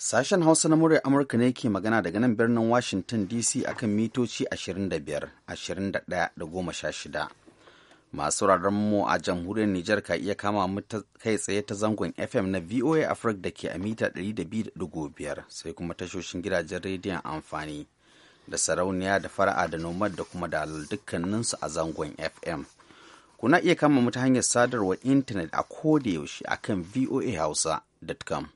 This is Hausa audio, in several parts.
Sashen Hausa na muryar Amurka ne ke magana daga nan birnin Washington DC akan mitoci 25, 21 da 16. Masu mu a jamhuriyar Nijar ka iya kama mu kai tsaye ta zangon FM na VOA Africa da ke a mita 200.5 sai kuma tashoshin gidajen rediyon amfani da sarauniya da fara'a da nomad da kuma dalal dukkaninsu a zangon FM. Kuna iya kama mu ta hanyar sadarwar intanet a kodayaushe akan hausa.com.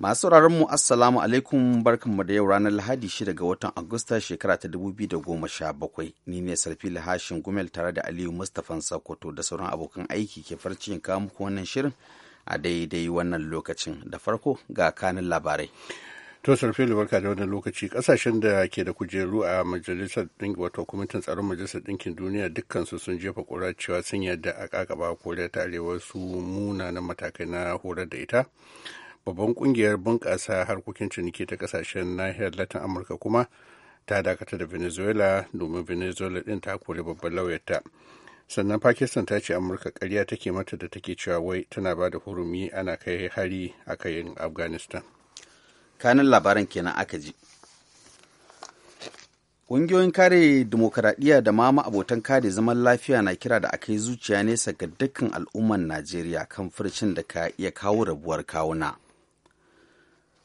Masu sauraron mu Assalamu alaikum mu da yau ranar Lahadi 6 ga watan Agusta shekara ta 2017. Ni ne Sarfi Lahashin Gumel tare da Aliyu Mustapha sakoto da sauran abokan aiki ke farce kawo muku wannan shirin a daidai wannan lokacin. Da farko ga kanin labarai. To Sarfi barka da wannan lokaci kasashen da ke da kujeru a majalisar ɗinkin wato kwamitin tsaron majalisar ɗinkin duniya dukkansu sun jefa ƙura cewa sun yadda a ƙaƙaba koriya ta arewa su munanan matakai na horar da ita. babban kungiyar bunƙasa harkokin ciniki ta kasashen nahiyar latin amurka kuma ta dakata da venezuela domin venezuela din ta kori babban lauyarta sannan pakistan ta ce amurka karya take mata da take cewa wai tana ba da hurumi ana kai hari a kayan afghanistan kanin labaran kenan aka ji Ƙungiyoyin kare dimokuraɗiyya da ma abotan kare zaman lafiya na kira da aka yi zuciya nesa ga dukkan al'umman Najeriya kan furcin da ka iya kawo rabuwar kawuna.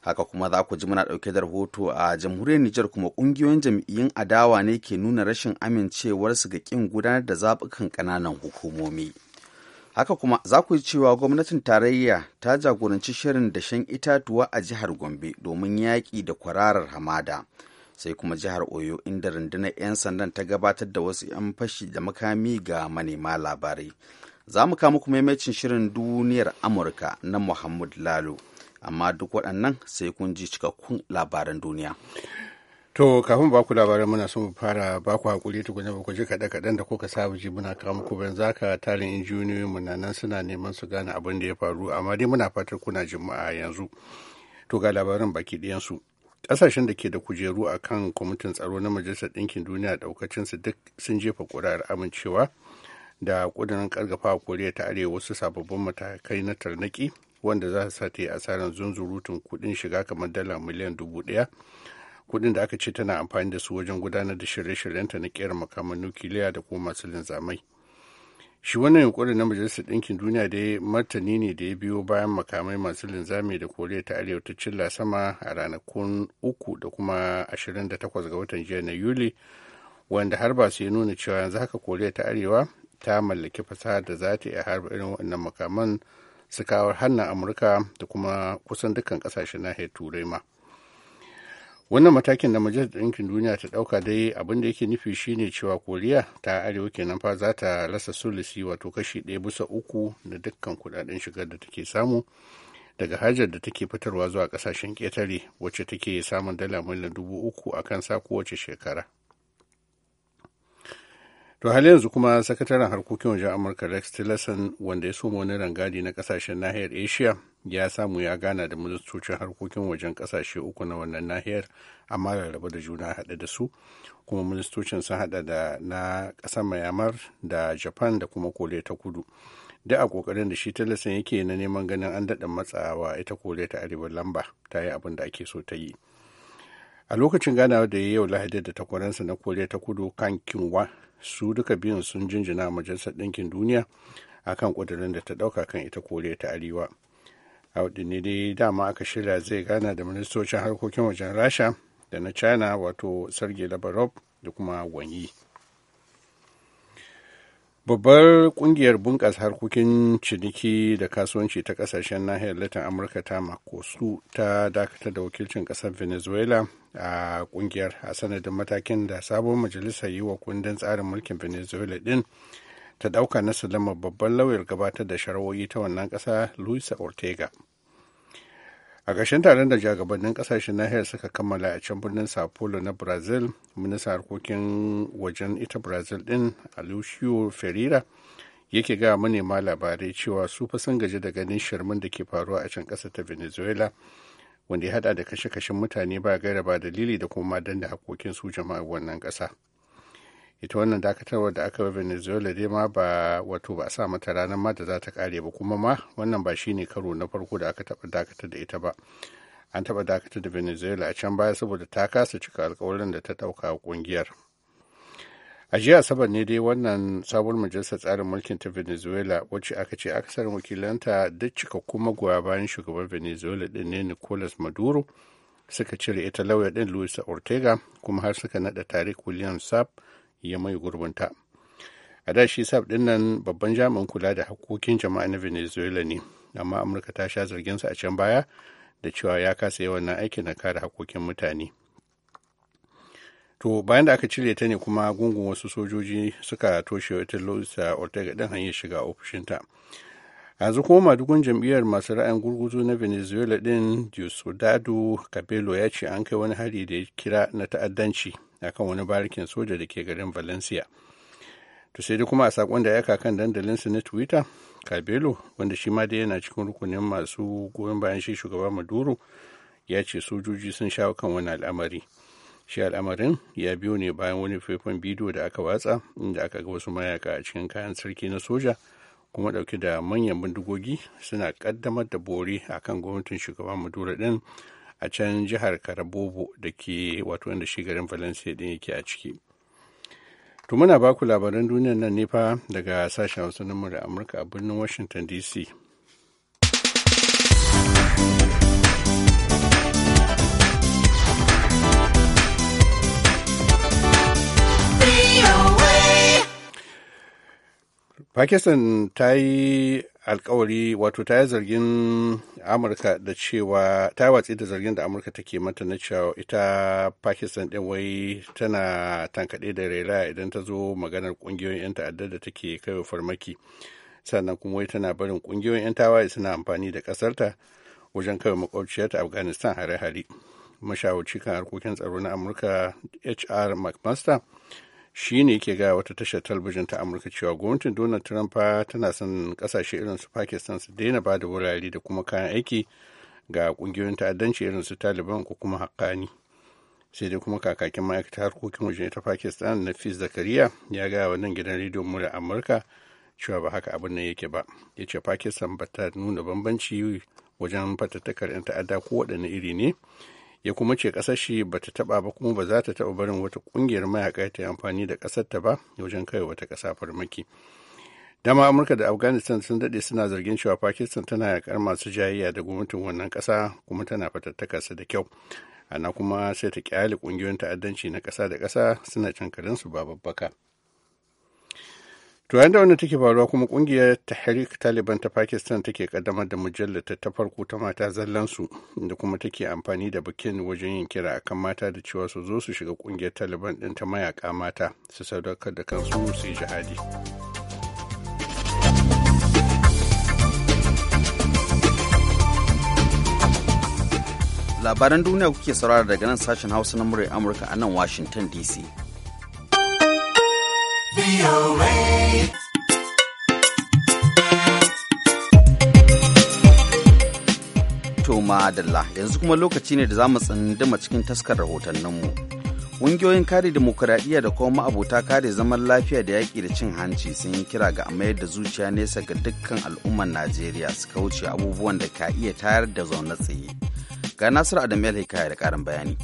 haka kuma za ku ji muna ɗauke da rahoto a jamhuriyar Nijar kuma ƙungiyoyin jam'iyyun adawa ne ke nuna rashin amincewarsu ga ƙin gudanar da zaɓukan ƙananan hukumomi. Haka kuma za ku ji cewa gwamnatin tarayya ta jagoranci shirin dashen itatuwa a jihar Gombe domin yaƙi da kwararar hamada. Sai kuma jihar Oyo inda rundunar 'yan sandan ta gabatar da wasu 'yan fashi da makami ga manema labarai. Za mu kama kuma maimacin shirin duniyar Amurka na Muhammad Lalo. amma duk waɗannan sai kun ji cikakkun labaran duniya. To kafin ba ku labarai muna son fara ba ku hakuri tukuna ba ku ji kaɗe kaɗan da kuka saba ji muna kawo muku ban ka tarin injiniyoyin mu nan suna neman su gane abin da ya faru amma dai muna fatar kuna jima'a yanzu. To ga labarin baki ɗayansu. Ƙasashen da ke da kujeru a kan kwamitin tsaro na Majalisar Ɗinkin Duniya su duk sun jefa ƙuri'ar amincewa da ƙudurin ƙarfafa Koriya ta Arewa wasu sababbin matakai na tarnaƙi wanda za su ta yi asarar zunzurutun kuɗin shiga kamar dala miliyan dubu ɗaya kuɗin da aka ce tana amfani da su wajen gudanar da shirye-shiryenta na ƙera makaman nukiliya da kuma masu linzamai shi wannan yunkurin na majalisar ɗinkin duniya da martani ne da ya biyo bayan makamai masu linzami da koriya ta arewa ta cilla sama a ranakun uku da kuma 28 ga watan jiya na yuli wanda har ba su ya nuna cewa yanzu haka koriya ta arewa ta mallaki fasaha da za ta iya harba irin wannan makaman su kawo hannun amurka da kuma kusan dukkan kasashen nahiyar turai ma wannan matakin da majalisar ɗinkin duniya ta ɗauka dai abin da yake nufi shine cewa koriya ta arewa kenan fa za ta rasa sulisi wato kashi ɗaya bisa uku na dukkan kuɗaɗen shigar da take samu daga hajar da take fitarwa zuwa ƙasashen ƙetare wacce take samun dala miliyan dubu uku a kan sa kowace shekara To hali yanzu kuma sakataren harkokin wajen Amurka Rex Tillerson wanda ya soma wani rangadi na kasashen nahiyar Asia ya samu ya gana da ministocin harkokin wajen kasashe uku na wannan nahiyar amma rarraba da juna haɗe da su kuma ministocin sun haɗa da na ƙasar mayamar da Japan da kuma Koriya ta Kudu. Da a kokarin da shi Tillerson yake na neman ganin an daɗa matsawa ita Koriya ta Arewa lamba ta yi abin da ake so ta yi. a lokacin ganawa da yau lahadi da takwaransa na koriya ta kudu kan kinwa su duka biyun sun jinjina majalisar ɗinkin duniya akan ƙudurin da ta ɗauka kan ita koriya ta arewa a ne dai dama aka shirya zai gana da ministocin harkokin wajen rasha da na china wato sergei lavrov da kuma wanyi babbar ƙungiyar bunƙasa harkokin ciniki da kasuwanci ta ƙasashen nahiyar latin amurka ta makosu ta dakatar da wakilcin ƙasar venezuela a ƙungiyar a sanadin matakin da sabon majalisar yi wa kundin tsarin mulkin venezuela din ta ɗauka na salama babban lauyar gabatar da sharawoyi ta wannan ƙasa luisa ortega a ƙarshen taron da jagabannin ƙasashen nahiyar suka kammala a can birnin sapolo na brazil ministan harkokin wajen ita brazil din alushio ferreira yake ga manema labarai cewa su fa sun gaji da ganin shirmin da ke faruwa a can ƙasa ta venezuela wanda ya hada da kashe-kashen mutane ba gaira ba dalili da kuma dan da hakokin su jama'a wannan ƙasa. ita wannan dakatarwar da aka wa venezuela dai ma ba wato ba a sa mata ranar ma da za ta kare ba kuma ma wannan ba shine karo na farko da aka taba dakatar da ita ba an taba dakatar da venezuela a can baya saboda ta kasa cika alkawarin da ta dauka kungiyar. a jiya asabar ne dai wannan sabon majalisar tsarin mulkin ta venezuela wacce aka ce akasarin wakilanta duk cika kuma goya bayan shugaban venezuela din ne nicolas maduro suka cire ita lauya din luis ortega kuma har suka nada tarik william saab ya mai gurbinta a da shi sab din nan babban jami'in kula da hakokin jama'a na venezuela ne amma amurka ta sha zarginsa a can baya da cewa ya kasa yawan na aikin na kare hakokin mutane to bayan da aka cire ta ne kuma gungun wasu sojoji suka toshe wata louisa ortega din hanyar shiga ofishinta yanzu kuma madugun jam'iyyar masu ra'ayin gurguzu na venezuela din diosdado cabello ya ce an kai wani hari da ya kira na ta'addanci akan wani barikin soja da ke garin valencia to sai dai kuma a sakon da ya kan dandalinsa na twitter cabello wanda shi ma dai yana cikin rukunin masu goyon bayan shi shugaba maduro ya ce sojoji sun sha kan wani al'amari shi al'amarin ya biyo ne bayan wani faifan bidiyo da aka watsa inda aka ga wasu mayaka a cikin kayan sarki na soja kuma dauke da manyan bindigogi suna kaddamar da bori a kan gwamnatin shugaban maduro ɗin a can jihar karabobo da ke wato inda shi garin valencia din yake a ciki to muna ba ku labaran duniyar nan ne fa daga sashen hausa na amurka a birnin washington dc Pakistan ta yi alkawari wato ta yi zargin Amurka da cewa ta watsi da zargin da Amurka take mata na cewa ita Pakistan ɗin wai tana tankaɗe da raira idan ta zo maganar ƙungiyoyin 'yan ta'addar da take kaiwa farmaki. Sannan kuma wai tana barin ƙungiyoyin 'yan tawaye suna amfani da ƙasarta wajen kawai makwabciyarta Afghanistan hare-hare. Mashawarci kan harkokin tsaro na Amurka HR McMaster shi ne ke gaya wata tashar talabijin ta amurka cewa gwamnatin donald trump tana son kasashe irin su pakistan su daina ba da wurare da kuma kayan aiki ga kungiyoyin ta'addanci irin su taliban ko kuma haƙƙani sai dai kuma kakakin ma'aikata harkokin waje ta pakistan nafis zakariya ya gaya wa nan gidan rediyon mu da amurka cewa ba haka abin nan yake ba ya ce pakistan ba ta nuna bambanci wajen fatattakar 'yan ta'adda ko waɗanne iri ne ya kuma ce kasar shi ba ta taba ba kuma ba za ta taba barin wata ƙungiyar mayaka ta yi amfani da kasar ta ba wajen kai wata kasa farmaki dama amurka da afghanistan sun dade suna zargin cewa pakistan tana yakar masu jayayya da gwamnatin wannan ƙasa kuma tana fatattakarsa da kyau ana kuma sai ta kyale ƙungiyoyin ta'addanci na kasa da kasa suna cankarinsu ba babbaka. to yanda wannan take faruwa kuma kungiyar tahrik taliban ta pakistan take kaddamar da mujallata ta farko ta mata zallansu da kuma take amfani da bikin wajen yin kira akan mata da cewa su zo su shiga kungiyar taliban din ta mayaka mata su sadaukar da kansu su yi jihadi labaran duniya kuke saurara daga nan sashen hausa na murai amurka a nan washington dc madalla yanzu kuma lokaci ne da za mu tsinduma cikin taskar rahotanninmu. Ƙungiyoyin kare demokuraɗiyya da kuma ma'abota kare zaman lafiya da yaƙi da cin hanci sun yi kira ga mayar da zuciya nesa ga dukkan al'ummar Najeriya su kauce abubuwan da ka iya tayar da zaune tsaye. Ga Nasiru Adam Hikaya da ƙarin bayani.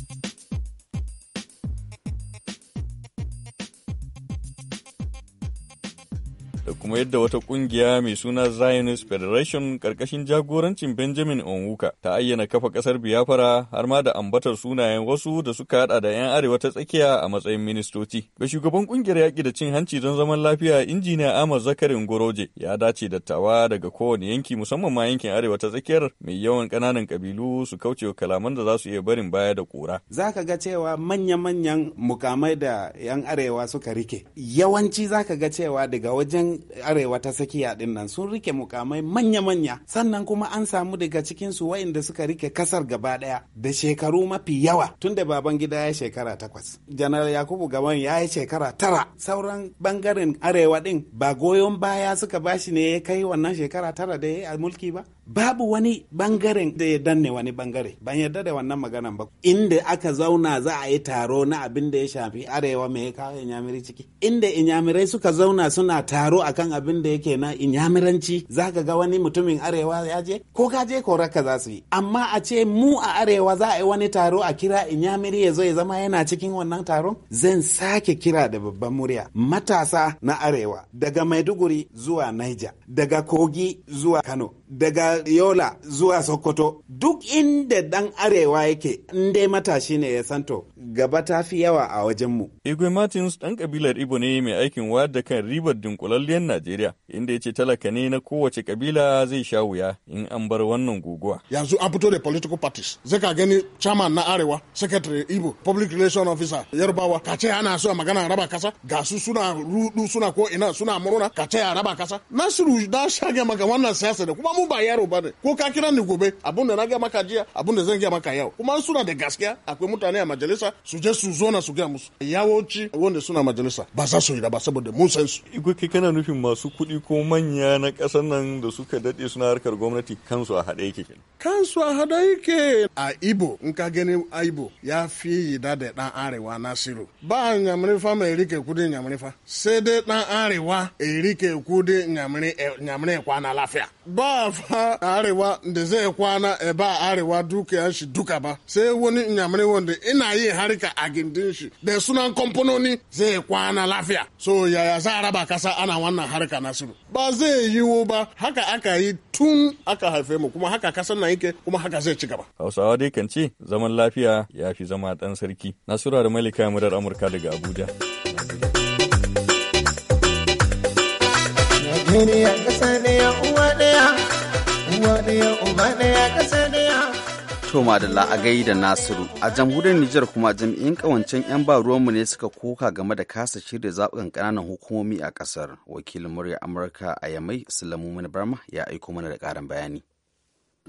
da kuma yadda wata kungiya mai suna Zionist Federation karkashin jagorancin Benjamin Onwuka ta ayyana kafa kasar Biafra har ma da ambatar sunayen wasu da suka hada da 'yan arewa ta tsakiya a matsayin ministoci. Ga shugaban kungiyar yaƙi da cin hanci don zaman lafiya injiniya Ahmad Zakarin Goroje ya dace dattawa daga kowane yanki musamman ma yankin arewa ta tsakiyar mai yawan kananan kabilu su kauce wa kalaman da za su iya barin baya da kura. Za ka ga cewa manya-manyan mukamai da 'yan arewa suka rike yawanci za ka ga cewa daga wajen arewa ta tsakiya din nan sun rike mukamai manya-manya sannan kuma an samu daga cikin su wa'inda suka rike kasar gaba daya da shekaru mafi yawa tunda baban gida ya shekara takwas janar yakubu gaban ya yi shekara tara sauran bangaren arewa din ba goyon baya suka bashi ne ya kai wannan shekara tara da ya yi a mulki ba babu wani bangaren da ya danne wani bangare ban yarda da wannan maganan ba inda aka zauna za a yi taro na abin da ya shafi arewa mai ya kawo inyamirai ciki inda inyamirai suka zauna suna taro akan abin da yake na inyamiranci za ka ga wani mutumin arewa ya je ko ka je ko raka za su yi amma a ce mu a arewa za a yi wani taro a kira inyamiri ya zo ya zama yana cikin wannan taron zan sake kira da babban murya matasa na arewa daga maiduguri zuwa niger daga kogi zuwa kano daga yola zuwa sokoto duk inda dan arewa yake in dai matashi ne ya santo gaba ta fi yawa a wajenmu. Igwe Martins ɗan kabilar Ibo ne mai aikin wayar da kan ribar dunkulalliyar Najeriya, inda ya ce talaka ne na kowace kabila zai sha wuya in an bar wannan guguwa. Yanzu an fito da political parties, zai ka gani chairman na Arewa, secretary Ibo, public relation officer Yarbawa, ka ce ana so magana raba kasa, ga su suna rudu suna ko ina suna murna, ka ce a raba kasa. Nasiru da shage maka wannan siyasa da kuma mu ba yaro ba ne, ko ka kira ni gobe abun da na ga maka jiya abun da zan gaya maka yau. Kuma suna da gaskiya akwai mutane a majalisa su je su zo na su gaya musu yawoci wanda suna majalisa ba za su yi da ba saboda mun san su igwe kai kana nufin masu kuɗi ko manya na ƙasar nan da suka daɗe suna harkar gwamnati kansu a haɗe yake kansu a haɗe yake a ibo in ka gani a ibo ya fi yi da da ɗan arewa nasiru ba nyamiri fa mai rike kudi nyamiri fa sai dai ɗan arewa ya e rike kudi nyamiri e, e kwana lafiya ba fa arewa da zai kwana ba arewa duka shi duka ba sai wani nyamiri wanda ina yi har rika a gindin shi da sunan kamfanoni zai kwana lafiya so yaya za a raba kasa ana wannan harka nasiru ba zai yiwu ba haka aka yi tun aka haife mu kuma haka kasan na yake kuma haka zai ci gaba hausawa dai kan ce zaman lafiya ya fi zama dan sarki nasura da malika murar amurka daga abuja nigeria kasa ne ya uwa ɗaya, uwa ɗaya, uba ɗaya ne Toma da a da Nasiru a jamhuriyar Nijar kuma jami'in kawancen 'yan ba mu ne suka koka game da kasa shirya zaɓukan ƙananan hukumomi a ƙasar. Wakilin murya Amurka a Yamai Sulamu Barma ya aiko mana da ƙarin bayani.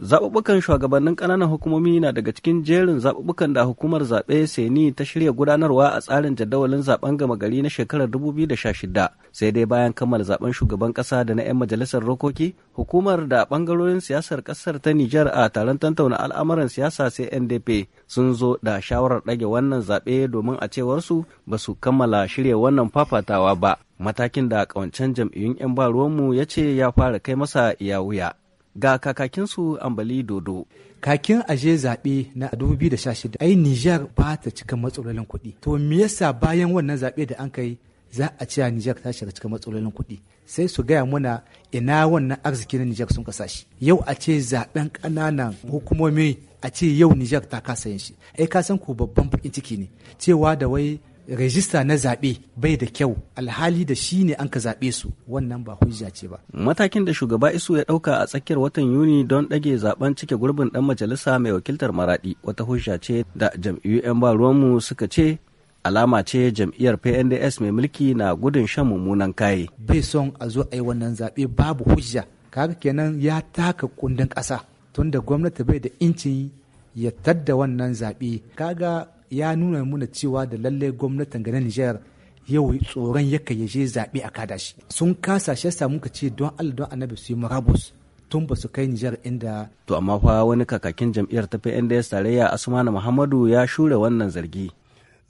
Zaɓuɓɓukan shugabannin ƙananan hukumomi na daga cikin jerin zaɓuɓɓukan da hukumar zaɓe Seni ta shirya gudanarwa a tsarin jadawalin zaɓen gama gari na shekarar 2016 sai dai bayan kammala zaɓen shugaban ƙasa da na 'yan majalisar rokoki hukumar da ɓangarorin siyasar ƙasar ta Nijar a taron tantauna al'amuran siyasa sai NDP sun zo da shawarar ɗage wannan zaɓe domin a cewarsu ba su kammala shirya wannan fafatawa ba matakin da ƙawancen jam'iyyun 'yan ba ruwanmu ya ce ya fara kai masa iya wuya. ga kakakinsu ambali dodo kakin aje zaɓe na 2016 ai Nijar ba ta cika matsalolin kuɗi to me yasa bayan wannan zaɓe da an kai za a ce Nijar ta shiga cika matsalolin kuɗi sai su gaya muna ina wannan arziki na Nijar sun kasa shi yau a ce zaben ƙananan hukumomi a ce yau Nijar ta kasa yin shi ai ka san ku babban bakin ciki ne cewa da wai rajista na zaɓe bai da kyau alhali da shi ne an ka zaɓe su wannan ba hujja ce ba. Matakin da shugaba Isu ya ɗauka a tsakiyar watan Yuni don ɗage zaben cike gurbin ɗan majalisa mai wakiltar Maraɗi wata hujja ce da jam'iyyu 'yan ba ruwanmu suka ce alama ce jam'iyyar PNDS mai mulki na gudun shan mummunan kaye. Bai son a zo a yi wannan zaɓe babu hujja kaga kenan ya taka kundin ƙasa tunda gwamnati bai da incin ya tadda wannan zaɓe kaga ya nuna muna cewa da lalle gwamnatin ganin Nijar yau tsoron ya je zaɓe a kada shi sun kasa shi yasa muka ce don Allah don Annabi su yi murabus tun ba su kai Nijar inda to amma fa wani kakakin jam'iyyar ta PNDS tarayya Asmanu Muhammadu ya shure wannan zargi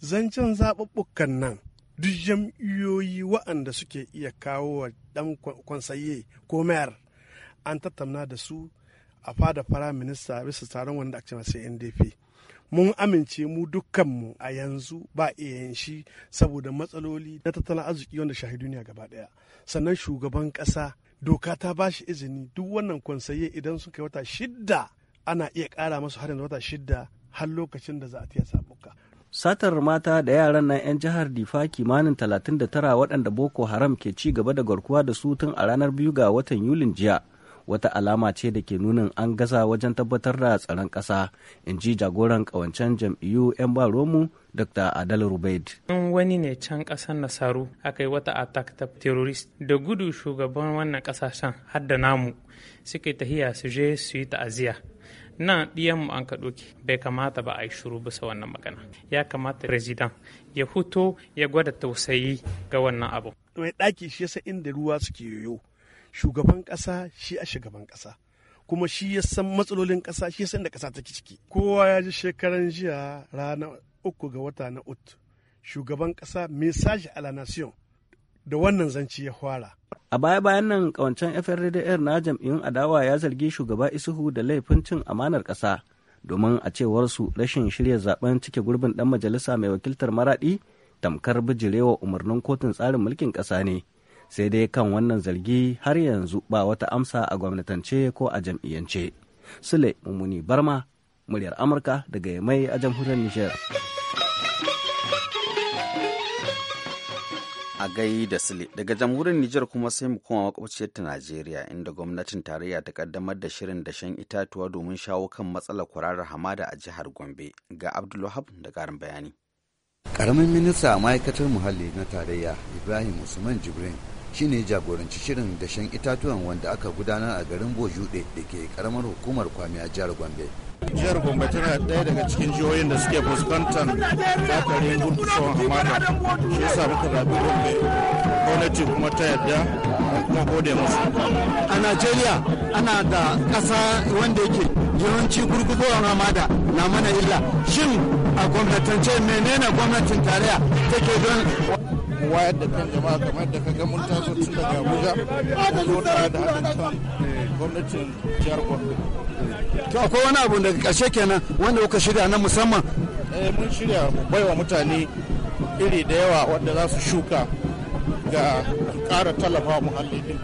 zancen zaɓuɓɓukan nan duk jam'iyyoyi waɗanda suke iya kawo wa ɗan kwansaye ko mayar an tattauna da su a fada fara minista bisa taron wanda ake cewa CNDP. mun amince mu dukkanmu a yanzu ba iya shi saboda matsaloli na tattalin arziki wanda shahi duniya gaba daya sannan shugaban kasa doka ta ba shi izini duk wannan kwansaye idan suka kai wata shidda ana iya kara masu har yanzu wata shidda har lokacin da za a tiya sabuka satar mata da yaran nan 'yan jihar difa kimanin 39 waɗanda boko haram ke ci gaba da garkuwa da su tun a ranar biyu ga watan yulin jiya wata alama ce da ke nunin an gaza wajen tabbatar da tsaron ƙasa in ji jagoran ƙawancen jam'iyyu 'yan ba romu dr adal rubaid in wani ne can ƙasar nasaru aka yi wata attack ta terrorist da gudu shugaban wannan ƙasashen har da namu suke tahiya su je su yi ta'aziyya nan mu an ka bai kamata ba a yi shuru bisa wannan magana ya kamata president ya huto ya gwada tausayi ga wannan abu to ya ɗaki shi yasa inda ruwa suke yoyo shugaban ƙasa shi a shugaban ƙasa kuma shi ya san matsalolin ƙasa shi ya san da ƙasa take ciki kowa ya ji shekaran jiya rana uku ga wata na ut shugaban ƙasa message a la nation da wannan zanci ya fara a baya bayan nan kawancan FRDR na jam'iyyun adawa ya zargi shugaba Isuhu da laifin cin amanar ƙasa domin a cewar su rashin shirya zaben cike gurbin dan majalisa mai wakiltar maradi tamkar bijirewa umarnin kotun tsarin mulkin ƙasa ne sai dai kan wannan zargi har yanzu ba wata amsa a gwamnatance ko a jam'iyyance sule mummuni barma muryar amurka daga mai a jamhuriyar nijar a gai da Sule, daga jamhuriyar nijar kuma sai mu koma makwabciyar ta najeriya inda gwamnatin tarayya ta kaddamar da shirin dashen itatuwa domin shawo kan matsalar kwararar hamada a jihar gombe ga abdulwahab da karin bayani karamin minista a ma'aikatar muhalli na tarayya ibrahim usman jibrin shine jagoranci shirin dashen itatuwan wanda aka gudanar a garin bojude da ke karamar hukumar kwami a jihar gombe jihar gombe tana daya daga cikin jihohin da suke fuskantar bakarin gurgushewar hamada shi yasa muka zaɓi gombe gwamnati kuma ta yadda kuma gode musu a najeriya ana da ƙasa wanda yake yawanci gurgushewar hamada na mana illa shin a gwamnatance menene gwamnatin tarayya take don wayar da kan jama'a kamar da ka ga mun taso tun daga Abuja da zo da da haɗin kan eh, gwamnatin jihar Gombe. To akwai wani abu daga ƙarshe kenan wanda kuka shirya na musamman? Eh mun shirya baiwa mutane iri da yawa wanda za su shuka ga ƙara tallafa muhalli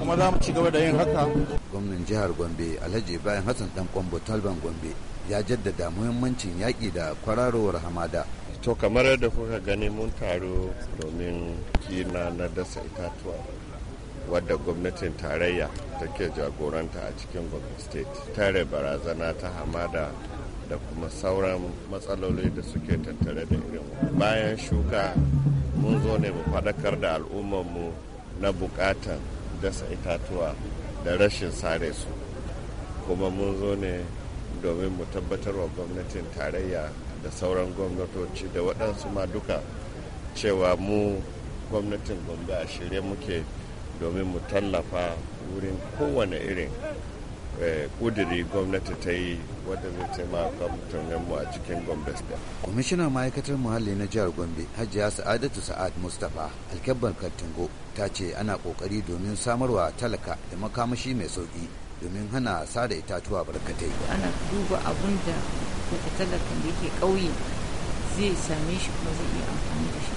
kuma za mu ci gaba da yin haka. Gwamnan jihar Gombe Alhaji bayan Hassan Dan Kwambo Talban Gombe ya jaddada muhimmancin yaƙi da kwararowar hamada to kamar yadda kuka gani mun taru domin kina na dasa itatuwa wadda gwamnatin tarayya take jagoranta a cikin Gwamnati state tare barazana ta hamada da kuma sauran matsaloli da suke tattare da irin bayan shuka mun zo ne mu faɗakar da al'ummarmu na buƙatan dasa itatuwa da rashin sare su kuma mun zo ne domin mu tabbatar wa gwamnatin tarayya da sauran gwamnatoci da waɗansu ma duka cewa mu gwamnatin gombe a shirye muke domin mu tallafa wurin kowane irin kudiri eh, gwamnati ta yi wadda zai taimaka mutanenmu a cikin gombe state. kwamishinan ma'aikatar muhalli na jihar gombe hajiya sa'adatu sa'ad mustapha alkebbar kattingo ta ce ana kokari domin samarwa talaka da makamashi mai sauki domin hana sada itatuwa barkatai ana duba abun da ko ka talakan da yake ƙauye zai same shi kuma zai iya amfani da shi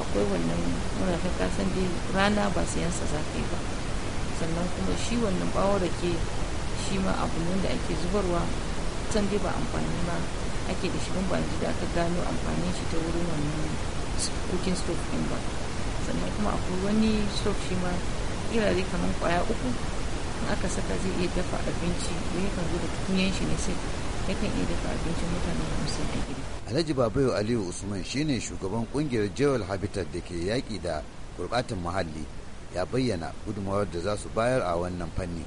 akwai wannan muna ka kasan dai rana ba sayansa za ka yi ba sannan kuma shi wannan da rake shi ma abu ne da ake zubarwa can dai ba amfani ma ake da shi ba da aka gano amfanin shi ta wurin wannan cooking stove ɗin ba sannan kuma akwai wani stove shi ma irare kamar kwaya uku in aka saka zai iya dafa abinci da yakan zo da tukunyan shi ne sai yakan iya dafa abincin mutane hamsin a gida. Alhaji Babayo Aliyu Usman shine shugaban kungiyar Jewel Habitat da ke yaƙi da gurɓatan muhalli ya bayyana gudunmawar da za su bayar a wannan fanni.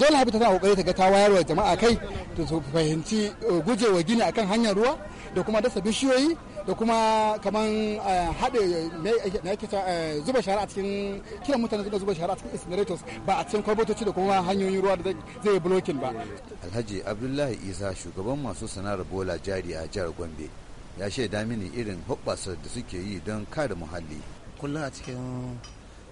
Jewel Habitat tana kokari ta ga ta wayarwa jama'a kai to su fahimci eh, gujewa gini akan hanyar ruwa da kuma dasa bishiyoyi da kuma kamar eh, haɗe na yake eh, zuba shara a cikin kiran mutane suna zuba shara a cikin incinerators ba a cikin kwalbatoci da kuma hanyoyin ruwa da zai blocking ba. Alhaji Abdullahi Isa shugaban masu sana'ar bola jari a jihar Gombe ya shaida mini irin hoɓɓasar da suke yi don kare muhalli. Kullum a cikin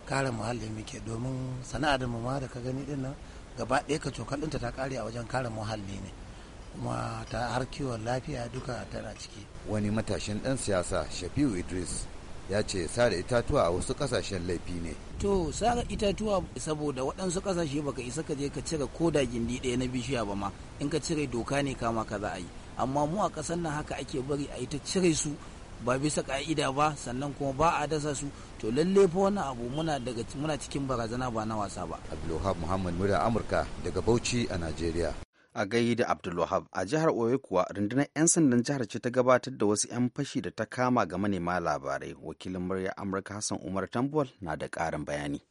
kare muhalli muke domin sana'ar mu ma da ka gani din nan gaba ɗaya ka cokal ɗinta ta kare a wajen kare muhalli ne. kuma ta har kiwon lafiya duka tana ciki wani matashin dan siyasa shafiu idris ya ce sare itatuwa a wasu kasashen laifi ne to sare itatuwa saboda waɗansu kasashe baka isa ka je ka cire ko da gindi ɗaya na bishiya ba ma in ka cire doka ne kama ka za a yi amma mu a ƙasar nan haka ake bari a yi ta cire su ba bisa ka'ida ba sannan kuma ba a dasa su to lalle fa wannan abu muna daga muna cikin barazana ba na wasa ba Abdulwahab Muhammad murya Amurka daga Bauchi a Najeriya a gayi da Abdulwahab a jihar Oyo kuwa rundunar 'yan sandan jihar ce ta gabatar da wasu 'yan fashi da ta kama ga manema labarai wakilin murya Amurka Hassan Umar Tambuwal na da ƙarin bayani.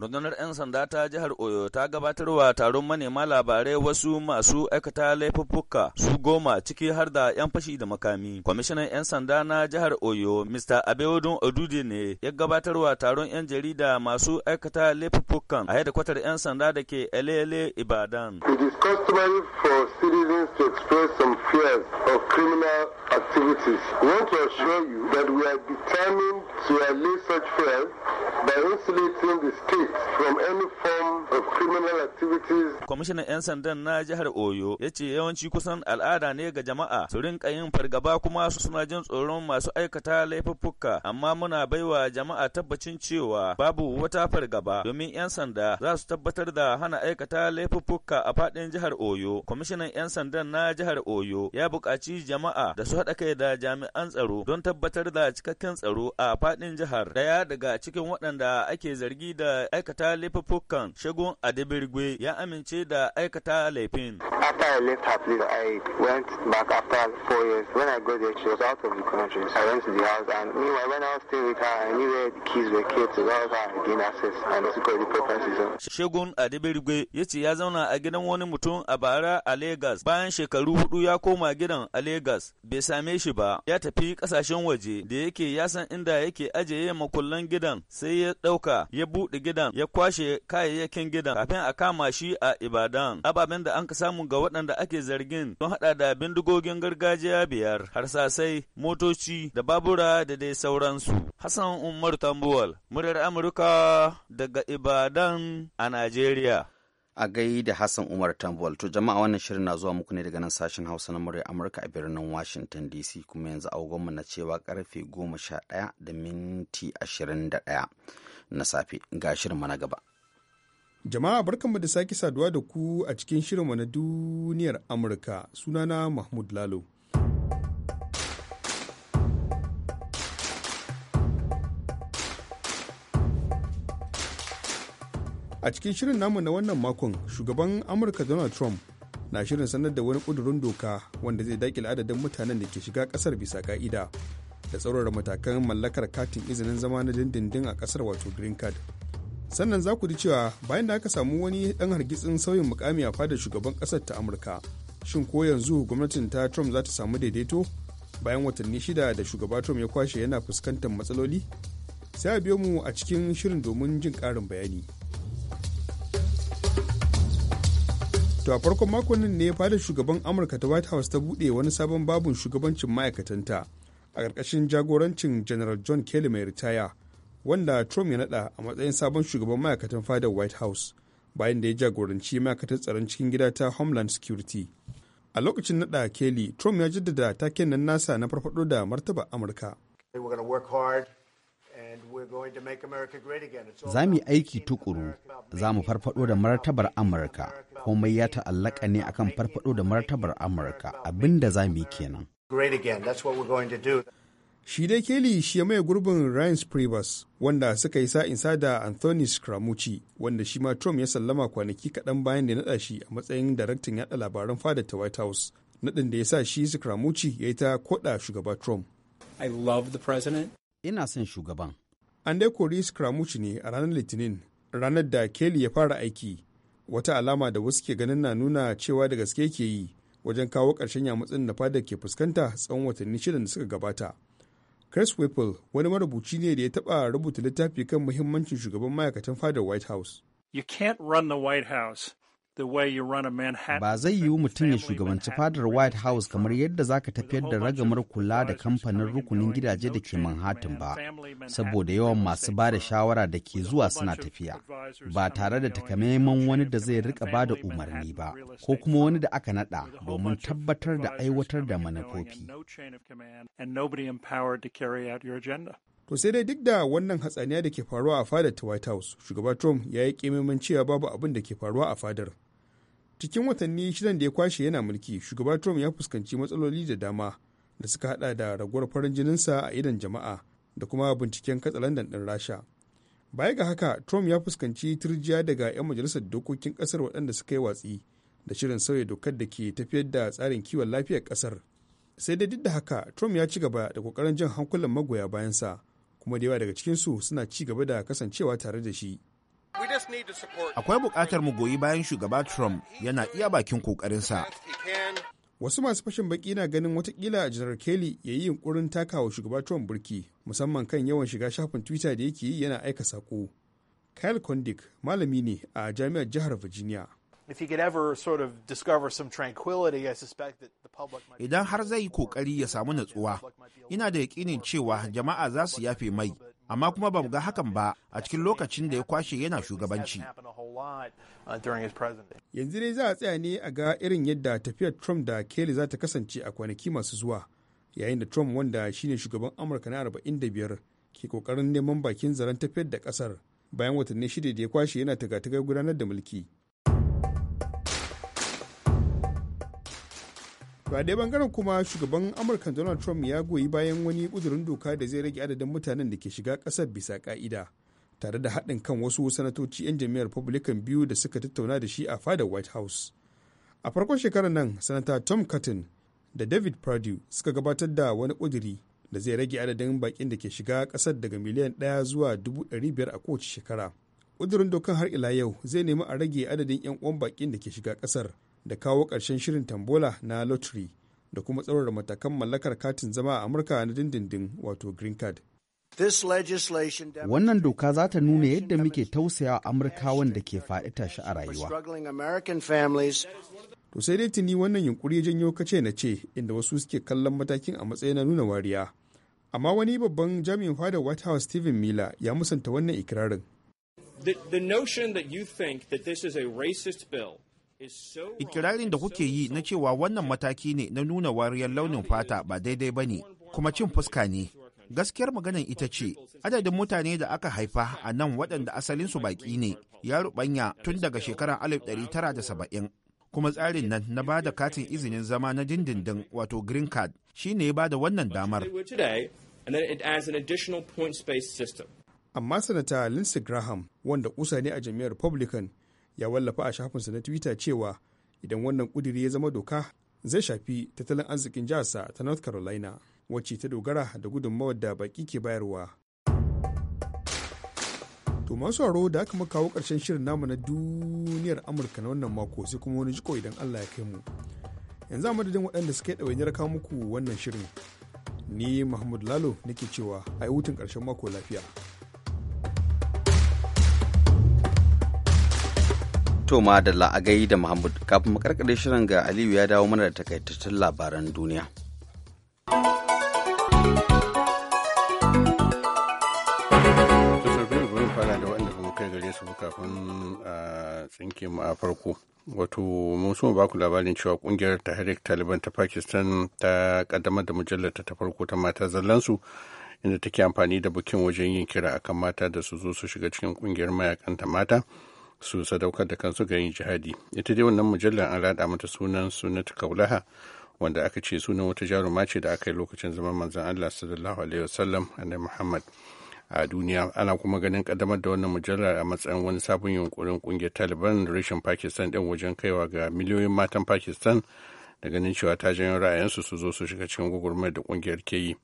rundunar 'yan sanda ta jihar oyo ta gabatar wa taron manema labarai wasu masu aikata laifuffuka su goma ciki har da 'yan fashi da makami kwamishinan 'yan sanda na jihar oyo mr abeodun odude ne ya gabatar wa taron 'yan jarida masu aikata laifuffukan a yadda kwatar 'yan sanda da ke elele ibadan it is for citizens to express some fears criminal activities we that we are determined to by insulating the state Kwamishinan 'yan sandan na jihar Oyo ya ce yawanci kusan al'ada ne ga jama'a su rinka yin fargaba kuma su suna jin tsoron masu aikata laifuffuka amma muna baiwa jama'a tabbacin cewa babu wata fargaba domin 'yan sanda za su tabbatar da hana aikata laifuffuka a faɗin jihar Oyo. Kwamishinan 'yan sandan na jihar Oyo ya bukaci jama'a da su haɗa kai da jami'an tsaro don tabbatar da cikakken tsaro a faɗin jihar. Daya daga cikin waɗanda ake zargi da aikata laifuffukan shagun dabirgwe ya amince da aikata laifin. After I left ya ce ya zauna a gidan wani mutum a bara a Legas. Bayan shekaru hudu ya koma gidan a Legas, bai same shi ba. Ya tafi kasashen waje da yake ya san inda yake ajiye makullan gidan sai ya ɗauka ya buɗe gidan gidan ya kwashe kayayyakin gidan kafin a kama shi a Ibadan. Ababen da an ka samu ga waɗanda ake zargin don haɗa da bindigogin gargajiya biyar, harsasai, motoci da babura da dai sauransu. Hassan Umar Tambuwal, muryar Amurka daga Ibadan a nigeria. a gai da Hassan Umar tambuwal To jama'a wannan shirin na zuwa muku ne daga nan sashen Hausa na murya Amurka a birnin Washington DC kuma yanzu agogonmu na cewa karfe goma sha ɗaya da minti da ɗaya na safe ga shirinmu na gaba. Jama'a barkanmu da sake saduwa da ku a cikin shirinmu na duniyar Amurka sunana Mahmud Lalo. A cikin shirin namu na wannan makon shugaban Amurka Donald Trump na shirin sanar da wani ƙudurin doka wanda zai daƙile adadin mutanen da ke shiga ƙasar bisa ka'ida. da tsaurara matakan mallakar katin izinin zama na dindindin a kasar wato green card sannan za ku ji cewa bayan da aka samu wani dan hargitsin sauyin mukami a fadar shugaban kasar ta amurka shin ko yanzu gwamnatin ta trump za ta samu daidaito bayan watanni shida da shugaba trump ya kwashe yana fuskantar matsaloli sai a biyo mu a cikin shirin domin jin karin bayani To a farkon makonnin ne fadar shugaban Amurka ta White House ta buɗe wani sabon babun shugabancin ma'aikatanta a ƙarƙashin jagorancin General John Kelly mai ritaya wanda Trump ya naɗa a matsayin sabon shugaban ma'aikatan fadar White House bayan da ya jagoranci ma'aikatar tsaron cikin gida ta Homeland Security. A lokacin naɗa Kelly, Trump ya jaddada taken nan nasa na farfado da martaba Amurka. Za mu yi aiki tukuru, za mu farfado da martabar Amurka, komai ya ta'allaka ne akan farfado da martabar Amurka abinda za mu yi kenan. great again. That's what we're going to do. Shi dai Kelly shi ya mai gurbin Ryan Priebus wanda suka yi sa'insa da Anthony scramucci wanda shi ma Trump ya sallama kwanaki kaɗan bayan da ya naɗa shi a matsayin daraktan yaɗa labaran fada ta White House. Naɗin da ya sa shi scramucci ya yi ta koɗa shugaba Trump. I love the president. Ina son shugaban. An dai kori scramucci ne a ranar Litinin ranar da Kelly ya fara aiki wata alama da wasu ke ganin na nuna cewa da gaske ke yi wajen kawo ƙarshen yamutsin da fadar ke fuskanta tsawon watanni shida da suka gabata chris whipple wani marubuci ne da ya taɓa rubuta littafi kan muhimmancin shugaban ma'aikatan fadar white house you can't run the white house Ba zai yiwu mutum ya shugabanci fadar White House kamar yadda za ka tafiyar da ragamar kula da kamfanin rukunin gidaje da ke Manhattan ba, saboda yawan masu ba da shawara da ke zuwa suna tafiya, ba tare da takamaiman wani da zai rika ba da umarni ba, ko kuma wani da aka nada domin tabbatar da aiwatar da manufofi. To sai dai duk da wannan hatsaniya da ke faruwa a fadar ta White House, shugaba Trump ya yi kimimin cewa babu abin da ke faruwa a fadar. cikin watanni shidan da ya kwashe yana mulki shugaba trump ya fuskanci matsaloli da dama da suka hada da raguwar farin jininsa a idan jama'a da kuma binciken katsalandan din rasha baya ga haka trump ya fuskanci turjiya daga 'yan majalisar dokokin kasar waɗanda suka yi watsi da shirin sauya dokar da ke tafiyar da tsarin kiwon lafiyar kasar sai dai duk da haka trump ya ci gaba da kokarin jan hankulan magoya bayansa kuma da yawa daga cikinsu suna ci gaba da kasancewa tare da shi Akwai buƙatar mu goyi bayan shugaba Trump yana iya bakin ƙoƙarinsa. Wasu masu fashin baki na ganin watakila Janar Kelly ya yi yunkurin takawa shugaba Trump burki musamman kan yawan shiga shafin Twitter da yake yi yana aika saƙo. Kyle Kondik malami ne a jami'ar jihar Virginia. Idan har zai yi kokari ya samu natsuwa, ina da yaƙinin cewa jama'a za su yafe mai amma kuma ba mu ga hakan ba a cikin lokacin da ya kwashe yana shugabanci. Yanzu dai za a tsaya ne a ga irin yadda tafiyar Trump da Kelly za ta kasance a kwanaki masu zuwa, yayin da Trump wanda shine shugaban Amurka na 45 ke kokarin neman bakin zaren tafiyar da kasar bayan watanni shida da ya kwashe yana tagatagar gudanar da mulki. to a dai bangaren kuma shugaban amurka donald trump ya goyi bayan wani kudurin doka da zai rage adadin mutanen da ke shiga kasar bisa ka'ida tare da haɗin kan wasu sanatoci 'yan jami'ar republican biyu da suka tattauna da shi a fadar white house a farkon shekarar nan sanata tom cotton da david perdue suka gabatar da wani kuduri da zai rage adadin baƙin da ke shiga ƙasar daga miliyan 1 zuwa 500 a kowace shekara ƙudurin dokan har ila yau zai nemi a rage adadin 'yan uwan bakin da ke shiga ƙasar. da kawo ƙarshen shirin tambola na lottery da kuma tsaurara matakan mallakar katin zama a amurka na dindindin wato green card Wannan doka za ta nuna yadda muke a Amurkawan da ke faɗi tashi a rayuwa. To sai dai tuni wannan yunkuri janyo kace na ce inda wasu suke kallon matakin a matsayin na nuna wariya. Amma wani babban jami'in fadar White House Stephen Miller ya musanta wannan ikirarin. The, the notion that you think that a racist bill Ikirarin da kuke yi na cewa wannan mataki ne na nuna wariyar launin fata ba daidai ba ne, kuma cin fuska ne. Gaskiyar maganar ita ce, adadin mutane da aka haifa a nan waɗanda asalinsu baƙi ne ya ruɓanya tun daga shekarar 1970. Kuma tsarin nan na ba da katin izinin zama na dindindin wato green card shi ne ba da wannan damar. Amma Sanata Lindsey Graham, wanda kusa ne a jam'iyyar Republican, ya wallafa a shafinsa na twitter cewa idan wannan kudiri ya zama doka zai shafi tattalin arzikin jiharsa ta north carolina wacce ta dogara da gudunmawar da baki ke bayarwa to masu haro da aka makawo karshen shirin namu na duniyar amurka na wannan mako sai kuma wani jiko idan allah ya kai mu yanzu a madadin waɗanda suka yi ɗawainiyar kawo muku wannan shirin ni mahmud lalo nake cewa a yi hutun ƙarshen mako lafiya To da la'agai da Muhammad kafin makarkare shirin ga Aliyu ya dawo mana da takaitattun labaran duniya. gare su kafin a tsinke mu a farko wato mun so ba labarin cewa kungiyar tahrik taliban ta pakistan ta kaddamar da mujallar ta farko ta mata zallansu inda take amfani da bukin wajen yin kira akan mata da su zo su shiga cikin kungiyar mayakan ta mata su sadaukar da kansu ga yin jihadi ita dai wannan mujallar an rada mata sunan sunat kaulaha wanda aka ce sunan wata jaruma ce da aka yi lokacin zaman manzan Allah sallallahu alaihi wasallam annabi Muhammad a duniya ana kuma ganin kaddamar da wannan mujallar a matsayin wani sabon yunkurin kungiyar Taliban rashin Pakistan din wajen kaiwa ga miliyoyin matan Pakistan da ganin cewa ta janyo ra'ayinsu su zo su shiga cikin gwagwarmayar da kungiyar ke yi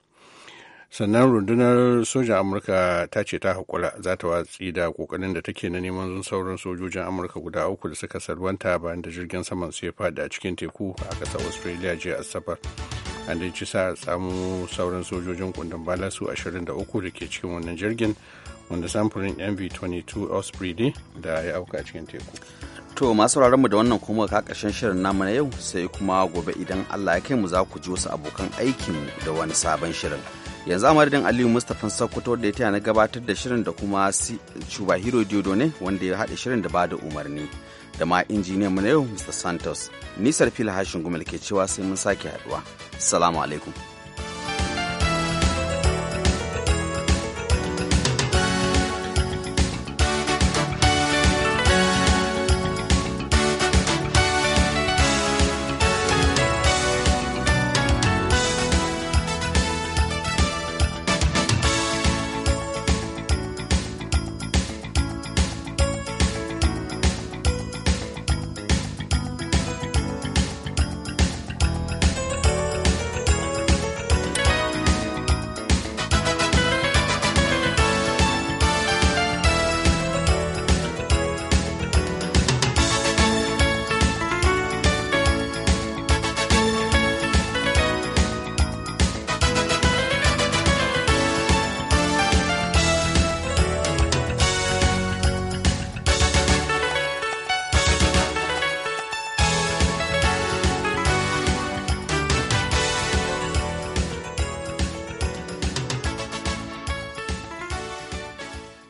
sannan rundunar sojan amurka ta ce ta haƙura za ta watsi da kokarin da take na neman sauran sojojin amurka guda uku da suka salwanta bayan da jirgin saman su ya faɗi a cikin teku a ƙasar australia jiya asabar an da ci sa samu sauran sojojin kundin bala su 23 da ke cikin wannan jirgin wanda samfurin mv22 osprey ne da ya auka a cikin teku to masu mu da wannan kuma ka ƙarshen shirin namu na yau sai kuma gobe idan allah ya kai mu za ku ji wasu abokan aikin da wani sabon shirin yanzu amadadin aliyu mustapha sokoto da ya taya na gabatar da shirin da kuma shuba hero diodo ne wanda ya haɗa shirin da ba da umarni da ma injiniyan mu na yau mr santos nisar fila hashin gumel ke cewa sai mun sake haɗuwa salamu alaikum